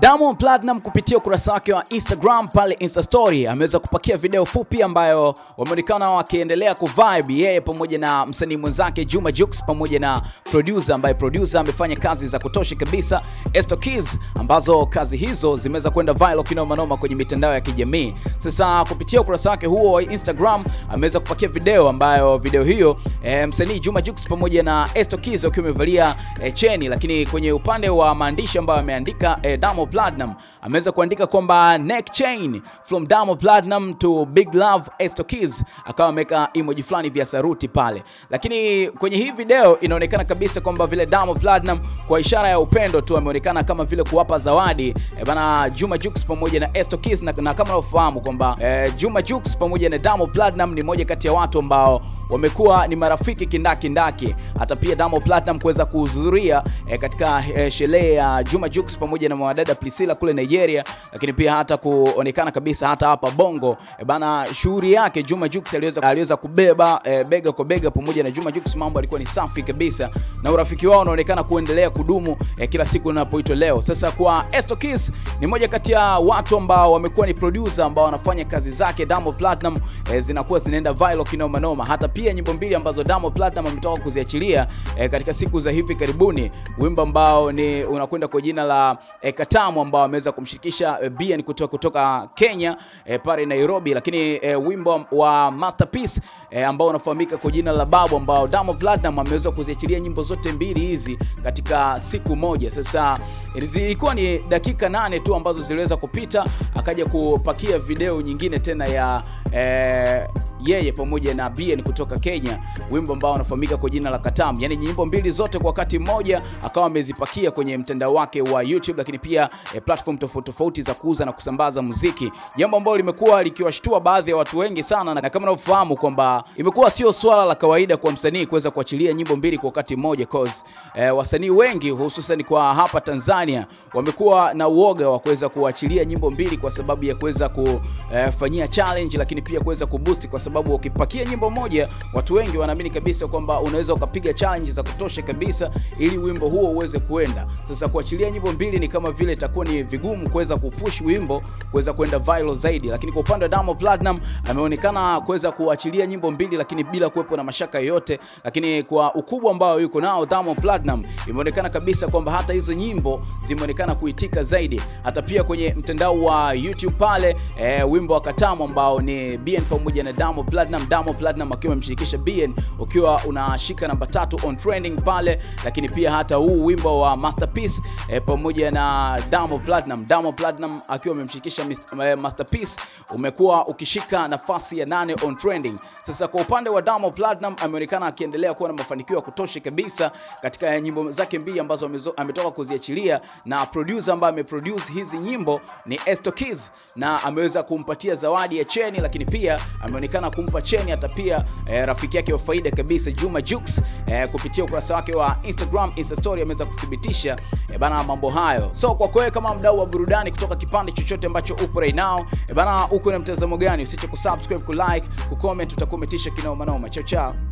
Diamond Platinum kupitia ukurasa wake wa Instagram pale Insta story ameweza kupakia video fupi ambayo wameonekana wakiendelea kuvibe yeye pamoja na msanii mwenzake Juma Jux pamoja na producer ambaye producer amefanya kazi za kutosha kabisa Esto Kids, ambazo kazi hizo zimeweza kwenda viral kinoma noma kwenye mitandao ya kijamii. Sasa kupitia ukurasa wake huo wa Instagram ameweza kupakia video ambayo video hiyo e, msanii Juma Jux pamoja na Esto Kids wakiwa wamevalia e, cheni, lakini kwenye upande wa maandishi ambayo ameandika e, Diamond Platinum ameweza kuandika kwamba neck chain from Diamond Platinum to Big Love Estokiz, akawa ameweka emoji fulani vya saruti pale, lakini kwenye hii video inaonekana kabisa kwamba vile Diamond Platinum kwa ishara ya upendo tu ameonekana kama vile kuwapa zawadi e bana Juma Jux pamoja na Estokiz na, na kama unafahamu kwamba e, Juma Jux pamoja na Diamond Platinum ni moja kati ya watu ambao wamekuwa ni marafiki kindaki ndaki, hata pia Diamond Platinum kuweza kuhudhuria e, katika e, sherehe ya Juma Jux pamoja na mwanadada Priscilla kule Nigeria, lakini pia hata kuonekana kabisa hata hapa Bongo. E bana, shughuli yake Juma Jux aliweza aliweza kubeba e, bega kwa bega pamoja na Juma Jux, mambo alikuwa ni safi kabisa, na urafiki wao unaonekana kuendelea kudumu e, kila siku inapoitwa leo. Sasa kwa Esto Kiss ni moja kati ya watu ambao wamekuwa ni producer ambao wanafanya kazi zake Diamond Platinum e, zinakuwa zinaenda viral kinoma noma, hata pia nyimbo mbili ambazo Diamond Platinum ametoka kuziachilia e, katika siku za hivi karibuni, wimbo ambao ni unakwenda kwa jina la e, Katam Salamu ambao ameweza kumshirikisha eh, Bien kutoka, kutoka Kenya eh, pale Nairobi, lakini eh, wimbo wa Masterpiece e, ambao unafahamika kwa jina la Babu, ambao Diamond Platinum ameweza kuziachilia nyimbo zote mbili hizi katika siku moja. Sasa ilikuwa ni dakika nane tu ambazo ziliweza kupita, akaja kupakia video nyingine tena ya e, yeye pamoja na BN kutoka Kenya, wimbo ambao unafahamika kwa jina la Katam. Yani nyimbo mbili zote kwa wakati mmoja akawa amezipakia kwenye mtandao wake wa YouTube, lakini pia e, platform tofauti tofauti za kuuza na kusambaza muziki, jambo ambalo limekuwa likiwashtua baadhi ya watu wengi sana, na kama unavyofahamu kwamba imekuwa sio swala la kawaida kwa msanii kuweza kuachilia nyimbo mbili kwa wakati mmoja cause eh, wasanii wengi hususan kwa hapa Tanzania wamekuwa na uoga wa kuweza kuachilia nyimbo mbili kwa sababu ya kuweza kufanyia eh, challenge, lakini pia kuweza kuboost, kwa sababu ukipakia nyimbo moja, watu wengi wanaamini kabisa kwamba unaweza ukapiga challenge za kutosha kabisa ili wimbo huo uweze kuenda. Sasa kuachilia nyimbo mbili ni kama vile itakuwa ni vigumu kuweza kupush wimbo kuweza kwenda viral zaidi, lakini kwa upande wa Diamond Platnumz ameonekana kuweza kuachilia nyimbo mbili, lakini bila kuwepo na mashaka yoyote. Lakini kwa ukubwa ambao yuko nao Diamond Platinum, imeonekana kabisa kwamba hata hizo nyimbo zimeonekana kuitika zaidi, hata pia kwenye mtandao wa YouTube pale e, wimbo wa Katamu ambao ni BN pamoja na Diamond Platinum, Diamond Platinum akiwa amemshirikisha BN ukiwa unashika namba tatu on trending pale, lakini pia hata huu wimbo wa Masterpiece e, pamoja na Diamond Platinum, Diamond Platinum akiwa amemshirikisha eh, Masterpiece umekuwa ukishika nafasi ya nane on trending. Sasa kabisa. Kwa upande wa Diamond Platinum ameonekana akiendelea kuwa na mafanikio ya kutosha kabisa katika nyimbo zake mbili ambazo ametoka kuziachilia na producer ambaye ameproduce hizi nyimbo ni Esto Kids, na ameweza kumpatia zawadi ya cheni, lakini pia ameonekana kumpa cheni hata pia eh, rafiki yake wa faida kabisa Juma Jux eh, kupitia ukurasa wake wa Instagram Insta story ameweza kuthibitisha eh, bana mambo hayo. So kwa kweli kama mdau wa burudani kutoka kipande chochote ambacho upo right now eh, bana, uko na mtazamo gani? Usiache kusubscribe, kulike, kucomment, utakuwa kutisha kinaoma chao chao